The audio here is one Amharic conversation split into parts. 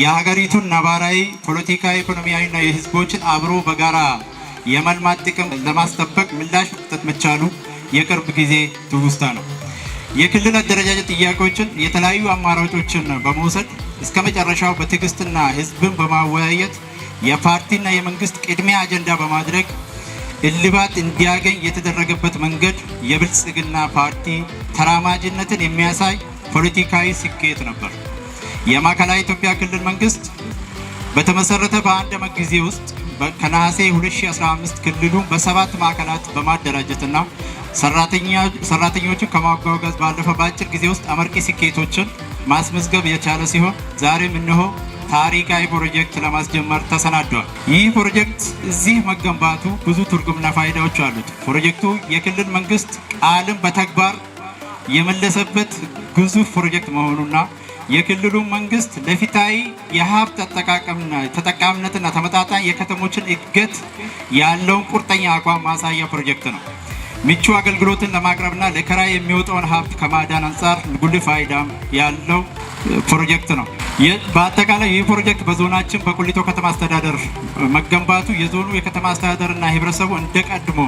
የሀገሪቱን ነባራዊ ፖለቲካ፣ ኢኮኖሚያዊና የህዝቦችን አብሮ በጋራ የመልማት ጥቅም ለማስጠበቅ ምላሽ መስጠት መቻሉ የቅርብ ጊዜ ትውስታ ነው። የክልል አደረጃጀት ጥያቄዎችን የተለያዩ አማራጮችን በመውሰድ እስከ መጨረሻው በትዕግስትና ህዝብን በማወያየት የፓርቲና የመንግስት ቅድሚያ አጀንዳ በማድረግ እልባት እንዲያገኝ የተደረገበት መንገድ የብልጽግና ፓርቲ ተራማጅነትን የሚያሳይ ፖለቲካዊ ስኬት ነበር። የማዕከላዊ ኢትዮጵያ ክልል መንግስት በተመሰረተ በአንድ ዓመት ጊዜ ውስጥ ከነሐሴ 2015 ክልሉን በሰባት ማዕከላት በማደራጀትና ሰራተኞችን ከማጓጓዝ ባለፈ በአጭር ጊዜ ውስጥ አመርቂ ስኬቶችን ማስመዝገብ የቻለ ሲሆን ዛሬም እነሆ ታሪካዊ ፕሮጀክት ለማስጀመር ተሰናዷል። ይህ ፕሮጀክት እዚህ መገንባቱ ብዙ ትርጉምና ፋይዳዎች አሉት። ፕሮጀክቱ የክልል መንግስት ቃልን በተግባር የመለሰበት ግዙፍ ፕሮጀክት መሆኑና የክልሉ መንግስት ለፊታዊ የሀብት አጠቃቀምና ተጠቃሚነትና ተመጣጣኝ የከተሞችን እድገት ያለውን ቁርጠኛ አቋም ማሳያ ፕሮጀክት ነው። ምቹ አገልግሎትን ለማቅረብና ለከራ የሚወጣውን ሀብት ከማዳን አንጻር ጉልህ ፋይዳ ያለው ፕሮጀክት ነው። በአጠቃላይ ይህ ፕሮጀክት በዞናችን በቁሊቶ ከተማ አስተዳደር መገንባቱ የዞኑ የከተማ አስተዳደርና ህብረተሰቡ እንደቀድሞ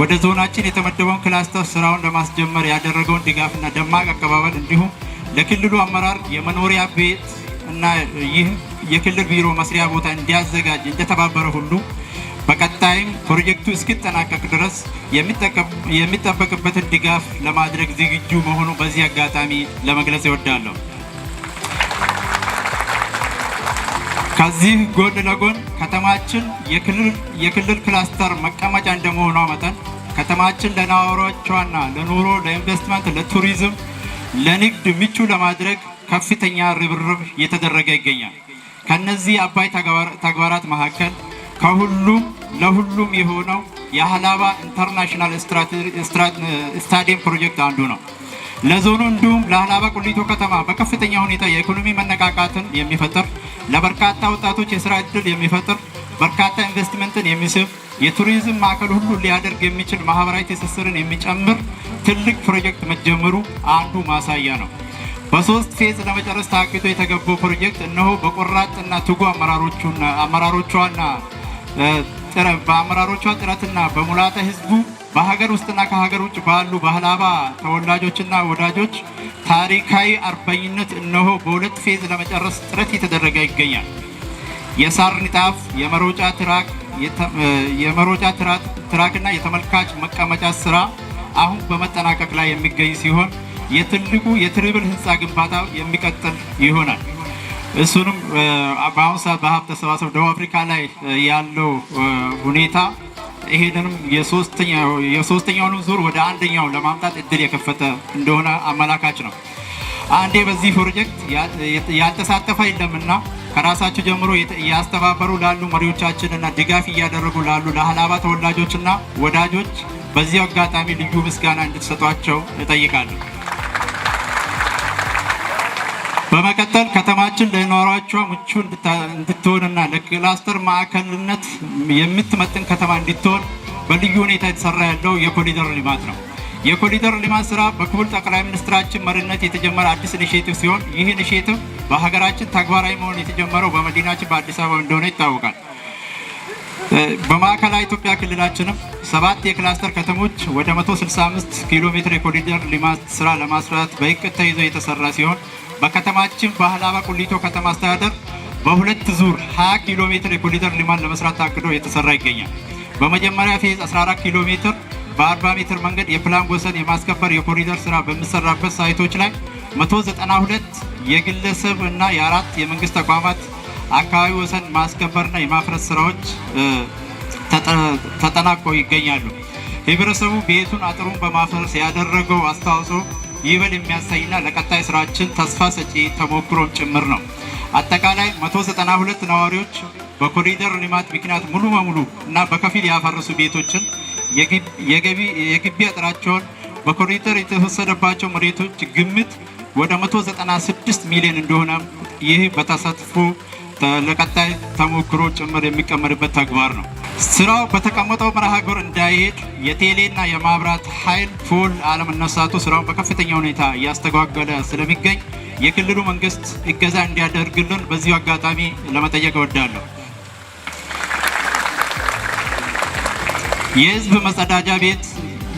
ወደ ዞናችን የተመደበውን ክላስተር ስራውን ለማስጀመር ያደረገውን ድጋፍና ደማቅ አቀባበል እንዲሁም ለክልሉ አመራር የመኖሪያ ቤት እና ይህ የክልል ቢሮ መስሪያ ቦታ እንዲያዘጋጅ እንደተባበረ ሁሉ በቀጣይም ፕሮጀክቱ እስኪጠናቀቅ ድረስ የሚጠበቅበትን ድጋፍ ለማድረግ ዝግጁ መሆኑ በዚህ አጋጣሚ ለመግለጽ ይወዳለሁ። ከዚህ ጎን ለጎን ከተማችን የክልል ክላስተር መቀመጫ እንደመሆኗ መጠን ከተማችን ለነዋሪዎቿና ለኑሮ፣ ለኢንቨስትመንት፣ ለቱሪዝም ለንግድ ምቹ ለማድረግ ከፍተኛ ርብርብ እየተደረገ ይገኛል። ከነዚህ አባይ ተግባራት መካከል ከሁሉም ለሁሉም የሆነው የሀላባ ኢንተርናሽናል ስታዲየም ፕሮጀክት አንዱ ነው። ለዞኑ እንዲሁም ለሀላባ ቁሊቶ ከተማ በከፍተኛ ሁኔታ የኢኮኖሚ መነቃቃትን የሚፈጥር ለበርካታ ወጣቶች የስራ ዕድል የሚፈጥር በርካታ ኢንቨስትመንትን የሚስብ የቱሪዝም ማዕከል ሁሉ ሊያደርግ የሚችል ማህበራዊ ትስስርን የሚጨምር ትልቅ ፕሮጀክት መጀመሩ አንዱ ማሳያ ነው። በሶስት ፌዝ ለመጨረስ ታቅዶ የተገባው ፕሮጀክት እነሆ በቆራጥና ትጉ አመራሮቿና በአመራሮቿ ጥረትና በሙላተ ህዝቡ በሀገር ውስጥና ከሀገር ውጭ ባሉ ባህላባ ተወላጆችና ወዳጆች ታሪካዊ አርበኝነት እነሆ በሁለት ፌዝ ለመጨረስ ጥረት እየተደረገ ይገኛል። የሳር ንጣፍ፣ የመሮጫ ትራክ የመሮጫ ትራክና የተመልካች መቀመጫ ስራ አሁን በመጠናቀቅ ላይ የሚገኝ ሲሆን የትልቁ የትሪብል ህንፃ ግንባታ የሚቀጥል ይሆናል። እሱንም በአሁኑ ሰዓት በሀብት ተሰባሰብ ደቡብ አፍሪካ ላይ ያለው ሁኔታ ይሄንንም የሶስተኛውንም ዙር ወደ አንደኛው ለማምጣት እድል የከፈተ እንደሆነ አመላካች ነው። አንዴ በዚህ ፕሮጀክት ያልተሳተፈ የለምና ከራሳቸው ጀምሮ እያስተባበሩ ላሉ መሪዎቻችንና ድጋፍ እያደረጉ ላሉ ለሀላባ ተወላጆችና ወዳጆች በዚህ አጋጣሚ ልዩ ምስጋና እንድትሰጧቸው እጠይቃለሁ። በመቀጠል ከተማችን ለነዋሪዎቿ ምቹ እንድትሆንና ለክላስተር ማዕከልነት የምትመጥን ከተማ እንድትሆን በልዩ ሁኔታ የተሰራ ያለው የኮሪደር ልማት ነው። የኮሪደር ልማት ስራ በክቡር ጠቅላይ ሚኒስትራችን መሪነት የተጀመረ አዲስ ኢኒሽቲቭ ሲሆን ይህ ኢኒሽቲቭ በሀገራችን ተግባራዊ መሆን የተጀመረው በመዲናችን በአዲስ አበባ እንደሆነ ይታወቃል። በማዕከላዊ ኢትዮጵያ ክልላችንም ሰባት የክላስተር ከተሞች ወደ 165 ኪሎ ሜትር የኮሪደር ልማት ስራ ለማስራት በእቅድ ተይዞ የተሰራ ሲሆን በከተማችን በሀላባ ቁሊቶ ከተማ አስተዳደር በሁለት ዙር 20 ኪሎ ሜትር የኮሪደር ልማት ለመስራት ታቅዶ የተሰራ ይገኛል። በመጀመሪያ ፌዝ 14 ኪሎ ሜትር በ40 ሜትር መንገድ የፕላን ወሰን የማስከበር የኮሪደር ስራ በሚሰራበት ሳይቶች ላይ 192 የግለሰብ እና የአራት የመንግስት ተቋማት አካባቢ ወሰን ማስከበርና የማፍረስ ስራዎች ተጠናቆ ይገኛሉ። ህብረተሰቡ ቤቱን አጥሩን በማፍረስ ያደረገው አስተዋጽኦ ይበል የሚያሳይና ለቀጣይ ስራችን ተስፋ ሰጪ ተሞክሮም ጭምር ነው። አጠቃላይ 192 ነዋሪዎች በኮሪደር ልማት ምክንያት ሙሉ በሙሉ እና በከፊል ያፈረሱ ቤቶችን የገቢ አጥራቸውን በኮሪደር የተወሰደባቸው መሬቶች ግምት ወደ 196 ሚሊዮን እንደሆነ ይህ በተሳትፎ ለቀጣይ ተሞክሮ ጭምር የሚቀመጥበት ተግባር ነው። ስራው በተቀመጠው መርሃ ግብር እንዳይሄድ የቴሌና የማብራት ኃይል ፖል አለመነሳቱ ስራውን በከፍተኛ ሁኔታ እያስተጓገለ ስለሚገኝ የክልሉ መንግስት እገዛ እንዲያደርግልን በዚሁ አጋጣሚ ለመጠየቅ እወዳለሁ። የህዝብ መጸዳጃ ቤት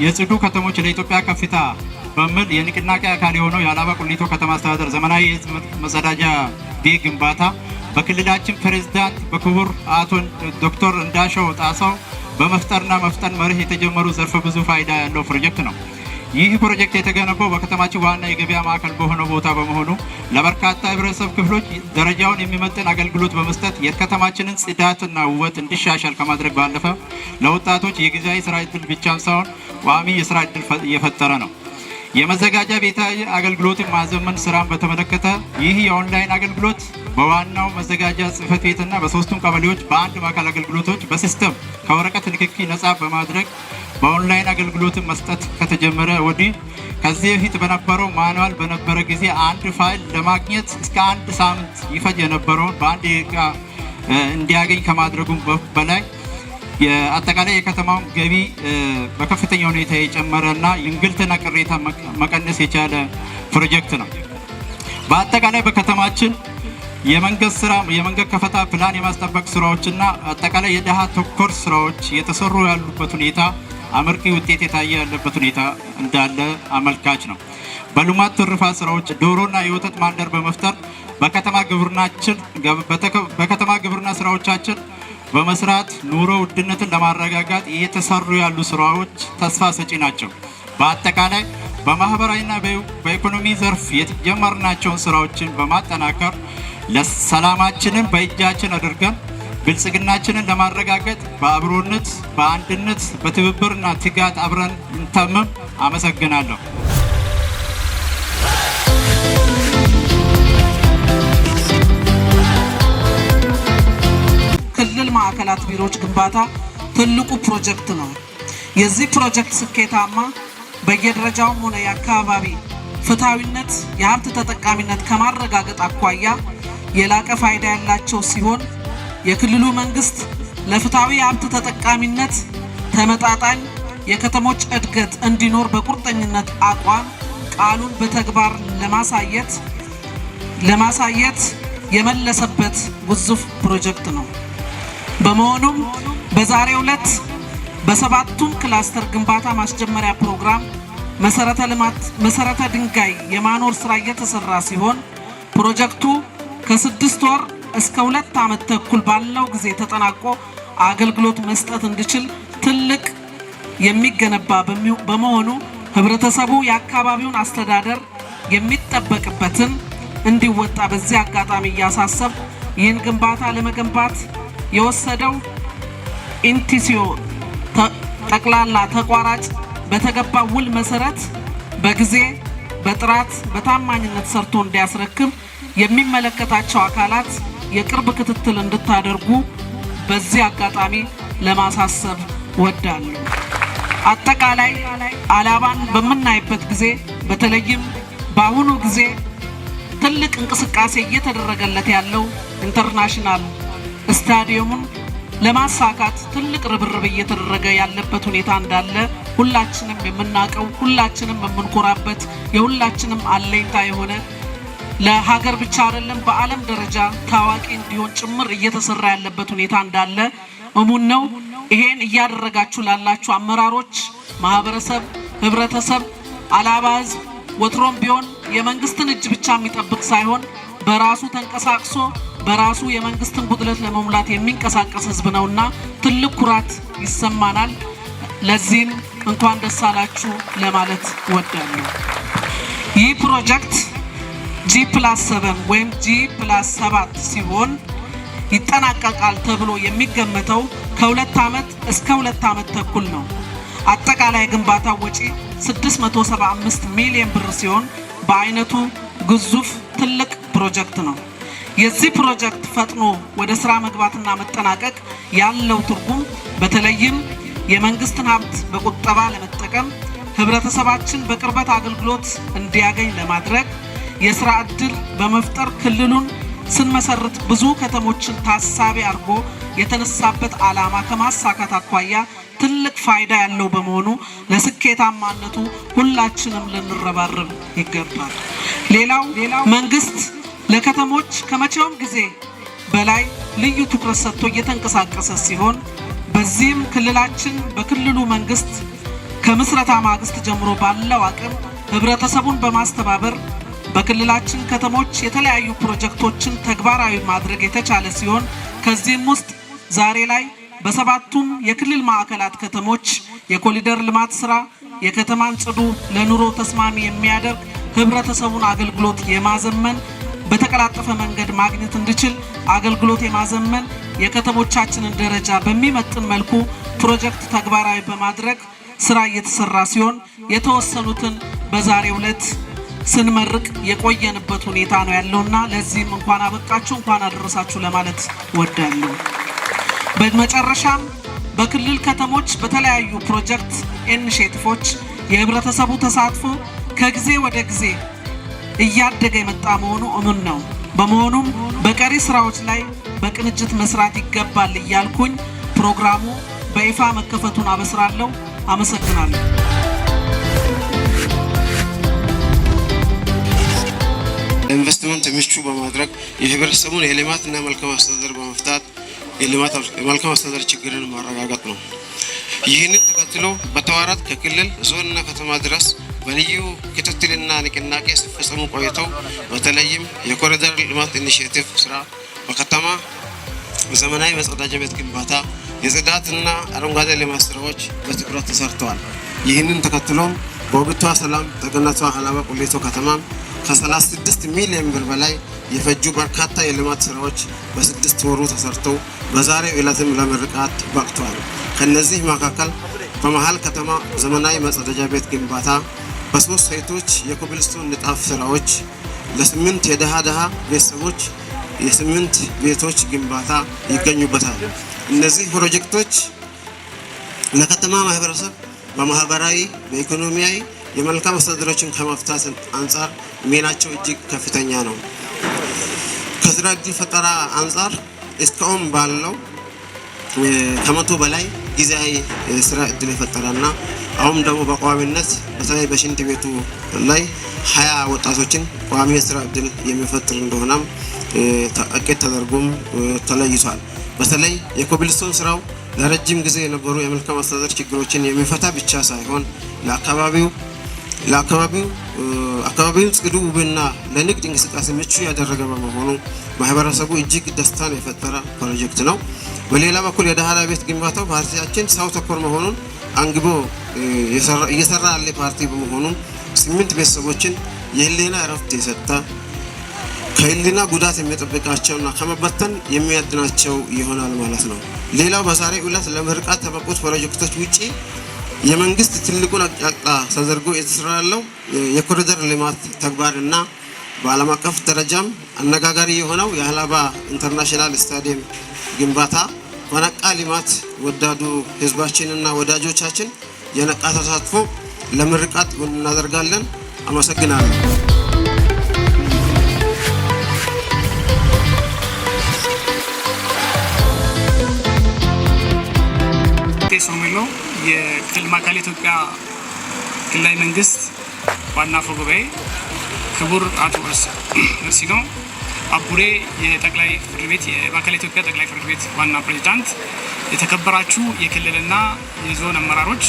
የጽዱ ከተሞች ለኢትዮጵያ ከፍታ በሚል የንቅናቄ አካል የሆነው የአላባ ቁሊቶ ከተማ አስተዳደር ዘመናዊ የህዝብ መጸዳጃ ቤት ግንባታ በክልላችን ፕሬዝዳንት በክቡር አቶ ዶክተር እንዳሸው ጣሰው በመፍጠርና መፍጠን መርህ የተጀመሩ ዘርፈ ብዙ ፋይዳ ያለው ፕሮጀክት ነው። ይህ ፕሮጀክት የተገነባው በከተማችን ዋና የገበያ ማዕከል በሆነ ቦታ በመሆኑ ለበርካታ የህብረተሰብ ክፍሎች ደረጃውን የሚመጥን አገልግሎት በመስጠት የከተማችንን ጽዳትና ውበት እንዲሻሻል ከማድረግ ባለፈ ለወጣቶች የጊዜያዊ ስራ እድል ብቻም ሳይሆን ቋሚ የስራ እድል እየፈጠረ ነው። የመዘጋጃ ቤታዊ አገልግሎትን ማዘመን ስራን በተመለከተ ይህ የኦንላይን አገልግሎት በዋናው መዘጋጃ ጽህፈት ቤትና በሶስቱም ቀበሌዎች በአንድ ማዕከል አገልግሎቶች በሲስተም ከወረቀት ንክኪ ነጻ በማድረግ በኦንላይን አገልግሎት መስጠት ከተጀመረ ወዲህ ከዚህ በፊት በነበረው ማንዋል በነበረ ጊዜ አንድ ፋይል ለማግኘት እስከ አንድ ሳምንት ይፈጅ የነበረውን በአንድ ደቂቃ እንዲያገኝ ከማድረጉም በላይ አጠቃላይ የከተማውን ገቢ በከፍተኛ ሁኔታ የጨመረ እና እንግልትና ቅሬታ መቀነስ የቻለ ፕሮጀክት ነው። በአጠቃላይ በከተማችን የመንገድ ስራ የመንገድ ከፈታ ፕላን የማስጠበቅ ስራዎችና አጠቃላይ የደሃ ተኮር ስራዎች የተሰሩ ያሉበት ሁኔታ አመርቂ ውጤት የታየ ያለበት ሁኔታ እንዳለ አመልካች ነው። በልማት ትርፋ ስራዎች ዶሮና የወተት ማንደር በመፍጠር በከተማ ግብርናችን በከተማ ግብርና ስራዎቻችን በመስራት ኑሮ ውድነትን ለማረጋጋት እየተሰሩ ያሉ ስራዎች ተስፋ ሰጪ ናቸው። በአጠቃላይ በማህበራዊና በኢኮኖሚ ዘርፍ የጀመርናቸውን ስራዎችን በማጠናከር ለሰላማችንን በእጃችን አድርገን ብልጽግናችንን ለማረጋገጥ በአብሮነት፣ በአንድነት፣ በትብብርና ትጋት አብረን እንተምም። አመሰግናለሁ። ክልል ማዕከላት ቢሮዎች ግንባታ ትልቁ ፕሮጀክት ነው። የዚህ ፕሮጀክት ስኬታማ በየደረጃውም ሆነ የአካባቢ ፍትሐዊነት፣ የሀብት ተጠቃሚነት ከማረጋገጥ አኳያ የላቀ ፋይዳ ያላቸው ሲሆን የክልሉ መንግስት ለፍትሐዊ ሀብት ተጠቃሚነት ተመጣጣኝ የከተሞች እድገት እንዲኖር በቁርጠኝነት አቋም ቃሉን በተግባር ለማሳየት ለማሳየት የመለሰበት ግዙፍ ፕሮጀክት ነው። በመሆኑም በዛሬው ዕለት በሰባቱም ክላስተር ግንባታ ማስጀመሪያ ፕሮግራም መሰረተ ልማት መሰረተ ድንጋይ የማኖር ስራ እየተሰራ ሲሆን ፕሮጀክቱ ከስድስት ወር እስከ ሁለት ዓመት ተኩል ባለው ጊዜ ተጠናቆ አገልግሎት መስጠት እንዲችል ትልቅ የሚገነባ በመሆኑ ህብረተሰቡ የአካባቢውን አስተዳደር የሚጠበቅበትን እንዲወጣ በዚህ አጋጣሚ እያሳሰብ ይህን ግንባታ ለመገንባት የወሰደው ኢንቲሲዮ ጠቅላላ ተቋራጭ በተገባ ውል መሰረት በጊዜ በጥራት በታማኝነት ሰርቶ እንዲያስረክብ የሚመለከታቸው አካላት የቅርብ ክትትል እንድታደርጉ በዚህ አጋጣሚ ለማሳሰብ ወዳለሁ። አጠቃላይ አላባን በምናይበት ጊዜ በተለይም በአሁኑ ጊዜ ትልቅ እንቅስቃሴ እየተደረገለት ያለው ኢንተርናሽናል ስታዲየሙን ለማሳካት ትልቅ ርብርብ እየተደረገ ያለበት ሁኔታ እንዳለ ሁላችንም የምናውቀው ሁላችንም የምንኮራበት የሁላችንም አለኝታ የሆነ ለሀገር ብቻ አይደለም በዓለም ደረጃ ታዋቂ እንዲሆን ጭምር እየተሰራ ያለበት ሁኔታ እንዳለ እሙን ነው። ይሄን እያደረጋችሁ ላላችሁ አመራሮች፣ ማህበረሰብ፣ ህብረተሰብ፣ አላባ ህዝብ ወትሮም ቢሆን የመንግስትን እጅ ብቻ የሚጠብቅ ሳይሆን በራሱ ተንቀሳቅሶ በራሱ የመንግስትን ጉድለት ለመሙላት የሚንቀሳቀስ ህዝብ ነውና ትልቅ ኩራት ይሰማናል። ለዚህም እንኳን ደስ አላችሁ ለማለት ወዳለሁ። ይህ ፕሮጀክት ጂ ፕላስ ሰቨን ወይም ጂ ፕላስ ሰባት ሲሆን ይጠናቀቃል ተብሎ የሚገመተው ከሁለት ዓመት እስከ ሁለት ዓመት ተኩል ነው። አጠቃላይ ግንባታ ወጪ 675 ሚሊዮን ብር ሲሆን በአይነቱ ግዙፍ ትልቅ ፕሮጀክት ነው። የዚህ ፕሮጀክት ፈጥኖ ወደ ስራ መግባትና መጠናቀቅ ያለው ትርጉም በተለይም የመንግስትን ሀብት በቁጠባ ለመጠቀም ህብረተሰባችን በቅርበት አገልግሎት እንዲያገኝ ለማድረግ የስራ እድል በመፍጠር ክልሉን ስንመሰርት ብዙ ከተሞችን ታሳቢ አድርጎ የተነሳበት ዓላማ ከማሳካት አኳያ ትልቅ ፋይዳ ያለው በመሆኑ ለስኬታማነቱ ሁላችንም ልንረባረብ ይገባል። ሌላው መንግስት ለከተሞች ከመቼውም ጊዜ በላይ ልዩ ትኩረት ሰጥቶ እየተንቀሳቀሰ ሲሆን በዚህም ክልላችን በክልሉ መንግስት ከምስረታ ማግስት ጀምሮ ባለው አቅም ህብረተሰቡን በማስተባበር በክልላችን ከተሞች የተለያዩ ፕሮጀክቶችን ተግባራዊ ማድረግ የተቻለ ሲሆን ከዚህም ውስጥ ዛሬ ላይ በሰባቱም የክልል ማዕከላት ከተሞች የኮሊደር ልማት ስራ የከተማን ጽዱ ለኑሮ ተስማሚ የሚያደርግ ህብረተሰቡን አገልግሎት የማዘመን በተቀላጠፈ መንገድ ማግኘት እንዲችል አገልግሎት የማዘመን የከተሞቻችንን ደረጃ በሚመጥን መልኩ ፕሮጀክት ተግባራዊ በማድረግ ስራ እየተሰራ ሲሆን የተወሰኑትን በዛሬው ዕለት ስንመርቅ የቆየንበት ሁኔታ ነው ያለውና ለዚህም እንኳን አበቃችሁ እንኳን አደረሳችሁ ለማለት ወዳለሁ። በመጨረሻም በክልል ከተሞች በተለያዩ ፕሮጀክት ኢኒሼቲቮች የህብረተሰቡ ተሳትፎ ከጊዜ ወደ ጊዜ እያደገ የመጣ መሆኑ እምን ነው። በመሆኑም በቀሪ ስራዎች ላይ በቅንጅት መስራት ይገባል እያልኩኝ ፕሮግራሙ በይፋ መከፈቱን አበስራለሁ። አመሰግናለሁ። ኢንቨስትመንት ምቹ በማድረግ የህብረተሰቡን እና መልካም አስተዳደር በመፍታት የመልካም አስተዳደር ችግርን ማረጋገጥ ነው። ይህንን ተከትሎ በተዋራት ከክልል ዞንና ከተማ ድረስ በልዩ ክትትልና ንቅናቄ ሲፈጸሙ ቆይተው በተለይም የኮሪደር ልማት ኢኒሽቲቭ ስራ በከተማ ዘመናዊ መጸዳጃ ቤት ግንባታ፣ የጽዳትና አረንጓዴ ልማት ስራዎች በትኩረት ተሰርተዋል። ይህንን ተከትሎ በውብቷ ሰላም፣ ጠገነቷ ሀላባ ቁሌቶ ከተማ ከ36 ሚሊዮን ብር በላይ የፈጁ በርካታ የልማት ስራዎች በስድስት ወሩ ተሰርተው በዛሬው ዕለትም ለምርቃት በቅቷል። ከእነዚህ መካከል በመሀል ከተማ ዘመናዊ መጸደጃ ቤት ግንባታ፣ በሶስት ሴቶች የኮብልስቶን ንጣፍ ስራዎች፣ ለስምንት የደሃ ደሃ ቤተሰቦች የስምንት ቤቶች ግንባታ ይገኙበታል። እነዚህ ፕሮጀክቶች ለከተማ ማህበረሰብ በማህበራዊ፣ በኢኮኖሚያዊ የመልካም አስተዳደሮችን ከመፍታት አንጻር ሚናቸው እጅግ ከፍተኛ ነው። ከስራ እድል ፈጠራ አንጻር እስካሁን ባለው ከመቶ በላይ ጊዜያዊ ስራ እድል የፈጠረና አሁን ደግሞ በቋሚነት በተለይ በሽንት ቤቱ ላይ ሀያ ወጣቶችን ቋሚ የስራ እድል የሚፈጥር እንደሆነም እቅድ ተደርጎም ተለይቷል። በተለይ የኮብልስቶን ስራው ለረጅም ጊዜ የነበሩ የመልካም አስተዳደር ችግሮችን የሚፈታ ብቻ ሳይሆን ለአካባቢው አካባቢው ጽዱ፣ ውብና ለንግድ እንቅስቃሴ ምቹ ያደረገ በመሆኑ ማህበረሰቡ እጅግ ደስታን የፈጠረ ፕሮጀክት ነው። በሌላ በኩል የዳህራ ቤት ግንባታው ፓርቲያችን ሰው ተኮር መሆኑን አንግቦ እየሰራ ያለ ፓርቲ በመሆኑ ስምንት ቤተሰቦችን የህሊና እረፍት የሰጠ ከህሊና ጉዳት የሚጠብቃቸውና ከመበተን የሚያድናቸው ይሆናል ማለት ነው። ሌላው በዛሬ ዕለት ለምርቃት ተበቁት ፕሮጀክቶች ውጪ የመንግስት ትልቁን አቅጣጫ ተዘርጎ የተሰራ ያለው የኮሪደር ልማት ተግባር እና በዓለም አቀፍ ደረጃም አነጋጋሪ የሆነው የሀላባ ኢንተርናሽናል ስታዲየም ግንባታ በነቃ ልማት ወዳዱ ህዝባችንና ወዳጆቻችን የነቃ ተሳትፎ ለምርቃት እናደርጋለን። አመሰግናለሁ። ቴሶ የማዕከላዊ ኢትዮጵያ ክልላዊ መንግስት ዋና አፈ ጉባኤ ክቡር አቶ እርሲኖ አቡሬ የጠቅላይ ፍርድ ቤት የማዕከላዊ ኢትዮጵያ ጠቅላይ ፍርድ ቤት ዋና ፕሬዚዳንት፣ የተከበራችሁ የክልልና የዞን አመራሮች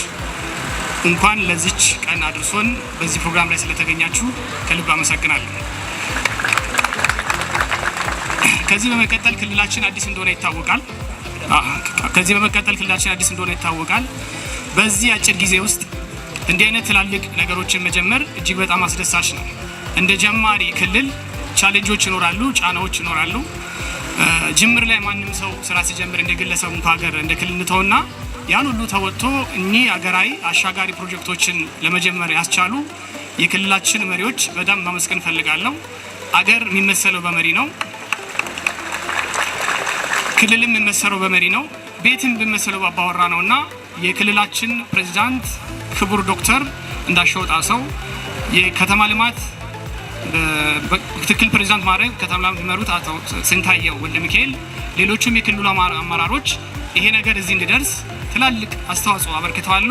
እንኳን ለዚች ቀን አድርሶን በዚህ ፕሮግራም ላይ ስለተገኛችሁ ከልብ አመሰግናለሁ። ከዚህ በመቀጠል ክልላችን አዲስ እንደሆነ ይታወቃል። ከዚህ በመቀጠል ክልላችን አዲስ እንደሆነ ይታወቃል። በዚህ አጭር ጊዜ ውስጥ እንዲህ አይነት ትላልቅ ነገሮችን መጀመር እጅግ በጣም አስደሳች ነው። እንደ ጀማሪ ክልል ቻሌንጆች ይኖራሉ፣ ጫናዎች ይኖራሉ። ጅምር ላይ ማንም ሰው ስራ ሲጀምር እንደ ግለሰቡ ሀገር እንደ ክልል እንተውና ያን ሁሉ ተወጥቶ እኚህ ሀገራዊ አሻጋሪ ፕሮጀክቶችን ለመጀመር ያስቻሉ የክልላችን መሪዎች በጣም ማመስገን ፈልጋለሁ። አገር የሚመሰለው በመሪ ነው። ክልልም የሚመሰለው በመሪ ነው። ቤትም የሚመሰለው በአባወራ ነው እና የክልላችን ፕሬዚዳንት ክቡር ዶክተር እንዳሸወጣ ጣሰው የከተማ ልማት ምክትል ፕሬዚዳንት ማድረግ ከተማ ልማት የሚመሩት አቶ ስንታየው ወልደ ሚካኤል፣ ሌሎቹም የክልሉ አመራሮች ይሄ ነገር እዚህ እንዲደርስ ትላልቅ አስተዋጽኦ አበርክተዋሉ።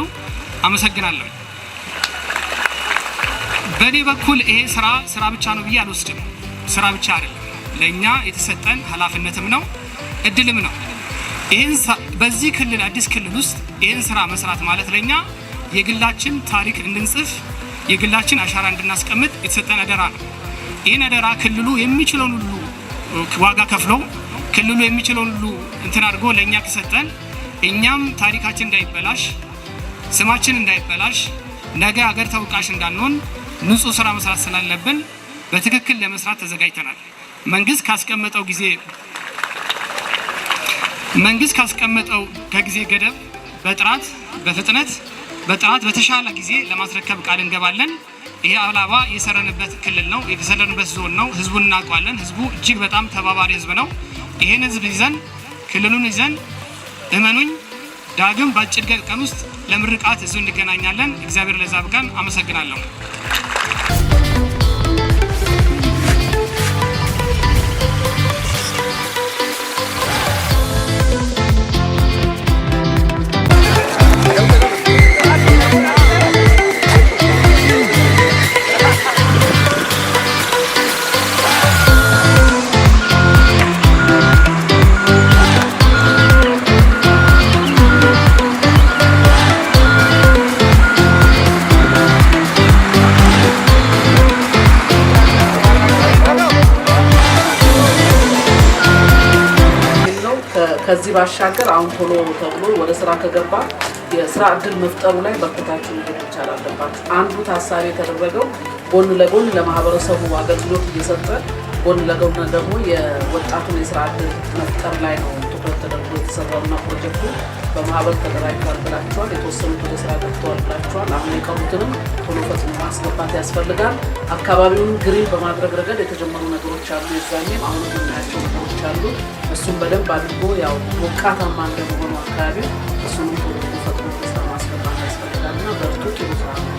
አመሰግናለሁ። በእኔ በኩል ይሄ ስራ ስራ ብቻ ነው ብዬ አልወስድም። ስራ ብቻ አይደለም፣ ለእኛ የተሰጠን ኃላፊነትም ነው እድልም ነው። ይህን በዚህ ክልል አዲስ ክልል ውስጥ ይህን ስራ መስራት ማለት ለእኛ የግላችን ታሪክ እንድንጽፍ የግላችን አሻራ እንድናስቀምጥ የተሰጠን አደራ ነው። ይህን አደራ ክልሉ የሚችለውን ሁሉ ዋጋ ከፍሎ ክልሉ የሚችለውን ሁሉ እንትን አድርጎ ለእኛ ከሰጠን እኛም ታሪካችን እንዳይበላሽ፣ ስማችን እንዳይበላሽ፣ ነገ አገር ተወቃሽ እንዳንሆን ንጹህ ስራ መስራት ስላለብን በትክክል ለመስራት ተዘጋጅተናል። መንግስት ካስቀመጠው ጊዜ መንግስት ካስቀመጠው ከጊዜ ገደብ በጥራት በፍጥነት በጥራት በተሻለ ጊዜ ለማስረከብ ቃል እንገባለን። ይሄ አላባ የሰረንበት ክልል ነው፣ የተሰለንበት ዞን ነው። ህዝቡን እናውቀዋለን። ህዝቡ እጅግ በጣም ተባባሪ ህዝብ ነው። ይሄን ህዝብ ይዘን ክልሉን ይዘን እመኑኝ፣ ዳግም በአጭር ቀን ውስጥ ለምርቃት እዙ እንገናኛለን። እግዚአብሔር ለዛ አመሰግናለሁ። ከዚህ ባሻገር አሁን ቶሎ ተብሎ ወደ ስራ ከገባ የስራ እድል መፍጠሩ ላይ በርትታችሁ መሄድ መቻል አለባችሁ። አንዱ ታሳቢ የተደረገው ጎን ለጎን ለማህበረሰቡ አገልግሎት እየሰጠ ጎን ለጎን ደግሞ የወጣቱን የስራ እድል መፍጠር ላይ ነው ትኩረት ተደርጎ የተሰራውና ፕሮጀክቱ በማህበር ተደራጅቷል ብላችኋል። የተወሰኑት ወደ ስራ ገብተዋል ብላችኋል። አሁን የቀሩትንም ቶሎ ፈጽሞ ማስገባት ያስፈልጋል። አካባቢውን ግሪን በማድረግ ረገድ የተጀመሩ ነገሮች አሉ። የዛኔም አሁን የምናያቸው ነገሮች አሉ። እሱም በደንብ አድርጎ ያው ሞቃታማ እንደመሆኑ አካባቢ እሱንም ቶሎ ፈጽሞ ስራ ማስገባት ያስፈልጋል ያስፈልጋልና በርቱ ጥሩ ስራ ነው።